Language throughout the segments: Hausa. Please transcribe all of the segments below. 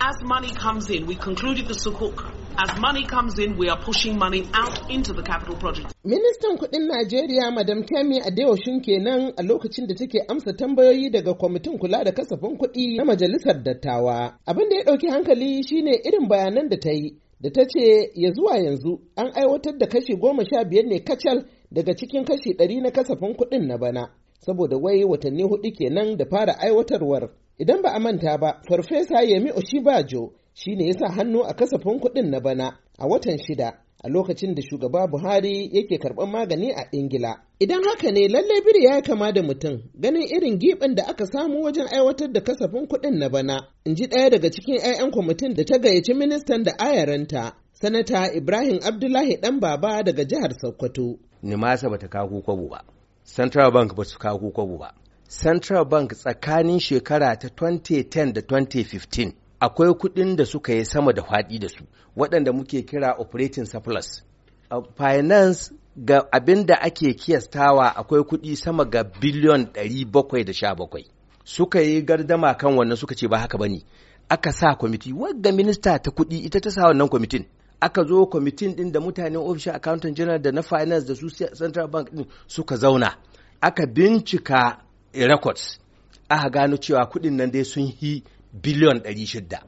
As money comes in, we concluded the Sukuk. As money comes in, we are pushing money out into the capital project. Ministan kudin Najeriya Madam Kemi Adeoshun kenan a lokacin da take amsa tambayoyi daga kwamitin kula da kasafin kuɗi na majalisar dattawa. Abin da ya ɗauki hankali shine irin bayanan da ta yi. Da ta ce ya zuwa yanzu an aiwatar da kashi goma sha biyar ne kacal daga cikin kashi ɗari na kasafin kuɗin na bana. Saboda wai watanni hudu kenan da fara aiwatarwar. Idan ba a manta ba, Farfesa Yemi Oshibajo shi ne ya sa hannu a kasafin kuɗin na bana a watan shida a lokacin da shugaba Buhari yake karɓar magani a Ingila. Idan haka ne lallai biri ya kama da mutum ganin irin giɓin da aka samu wajen aiwatar da kasafin kuɗin na bana, in ji ɗaya daga cikin 'ya'yan kwamitin da ta gayyaci ministan da ayaranta, Sanata Ibrahim Abdullahi ɗan baba daga jihar Sokoto. Nimasa bata kawo kwabo ba, Central Bank ba su kawo kwabo ba, central bank tsakanin shekara ta 2010 da 2015 akwai kuɗin da suka yi sama da faɗi da su waɗanda muke kira operating surplus A finance ga abin da ake kiyastawa akwai kuɗi sama ga biliyon 717 suka yi gardama kan wannan suka ce ba haka ba ne aka sa kwamiti wadda minista ta kuɗi ita ta sa wannan kwamitin aka zo kwamitin ɗin da mutanen ofishin accountant general da na finance da su central bank ɗin suka zauna aka bincika records aka gano cewa kuɗin nan dai sun yi biliyon 600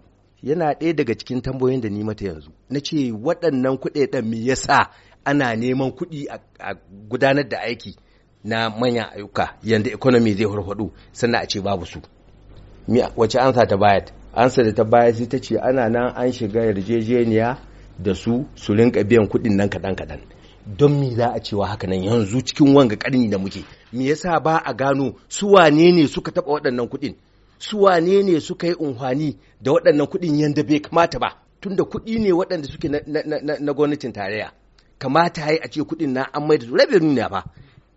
yana ɗaya daga cikin tambayoyin da ni mata yanzu na ce waɗannan kuɗaɗen me yasa ana neman kuɗi a gudanar da aiki na manyan ayyuka yadda economy zai hurhudu sannan a ce babu su wace ansa ta bayat ansa da ta bayat sai ta ce ana nan an shiga yarjejeniya da su su rinka biyan kuɗin nan kaɗan-kaɗan don mi za a cewa haka nan yanzu cikin wanga karni da muke me yasa ba a gano su wane ne suka taba waɗannan kuɗin su wane ne suka yi unhwani da waɗannan kuɗin yanda bai kamata ba tunda kuɗi ne waɗanda suke na, gwamnatin tarayya kamata ya yi a ce kuɗin na an maida revenue ne ba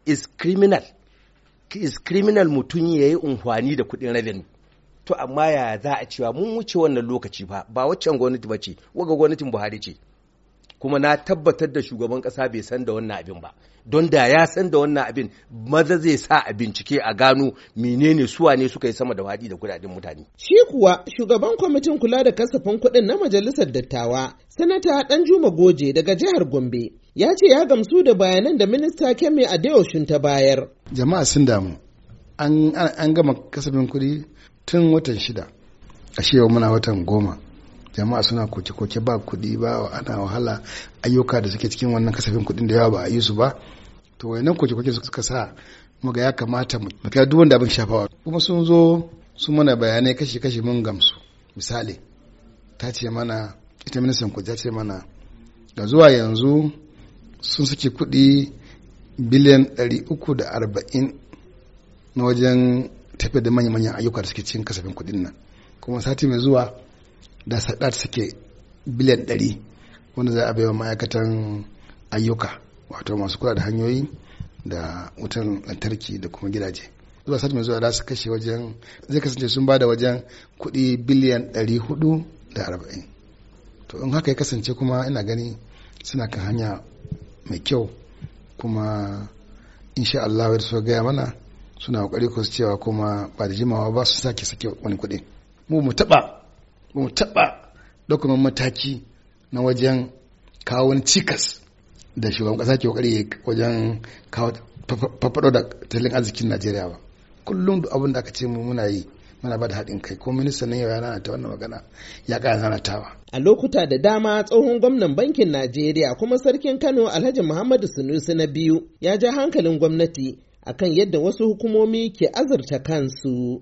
is criminal is criminal mutum ya yi unhwani da kuɗin revenue to amma ya za a cewa mun wuce wannan lokaci ba ba waccan gwamnati ba ce waga gwamnatin buhari ce kuma na tabbatar da shugaban kasa bai san da wannan abin ba don da ya san da wannan abin maza zai sa a bincike a gano menene suwa ne suka yi sama da waɗi da kudaden mutane shi kuwa shugaban kwamitin kula da kasafin kuɗin na majalisar dattawa sanata danjuma goje daga jihar gombe ya ce ya gamsu da bayanan da minista kemi adeoshun ta bayar jama'a sun damu an gama kasafin kuɗi tun watan shida a yau muna watan goma jama'a suna koke-koke ba kuɗi ba ana wahala ayyuka da suke cikin wannan kasafin kuɗin da yawa ba a yi su ba to nan koke-koke suka sa muga ya kamata mu kai duk wanda abin shafawa kuma sun zo su mana bayanai kashi-kashi mun gamsu misali ta ce mana ita ministan kuɗi ta ce mana ga zuwa yanzu sun saki kuɗi biliyan 340 na wajen tafiya da manya-manyan ayyuka da suke cikin kasafin kuɗin nan kuma sati mai zuwa da sadar suke biliyan 100 wanda za a baiwa ma'aikatan ayyuka wato masu kula da hanyoyi da wutan lantarki da kuma gidaje zuwa sati mai zuwa za su kashe wajen zai kasance sun ba da wajen kuɗi biliyan 440 to in haka ya kasance kuma ina gani suna kan hanya mai kyau kuma insha Allah wadda su gaya mana suna kokari ko cewa kuma ba da jimawa ba su sake sake wani kuɗi mu mu taɓa mu taɓa ɗaukar mataki na wajen kawo cikas da shugaban ƙasa ke kokari wajen kawo fafaɗo da tattalin arzikin najeriya ba kullum da abin da aka ce mu muna yi muna ba da haɗin kai ko ministan nan yau yana ta wannan magana ya ƙara tawa. A lokuta da dama tsohon gwamnan bankin Najeriya kuma sarkin Kano Alhaji Muhammadu Sunusi na biyu ya ja hankalin gwamnati akan yadda wasu hukumomi ke azurta kansu.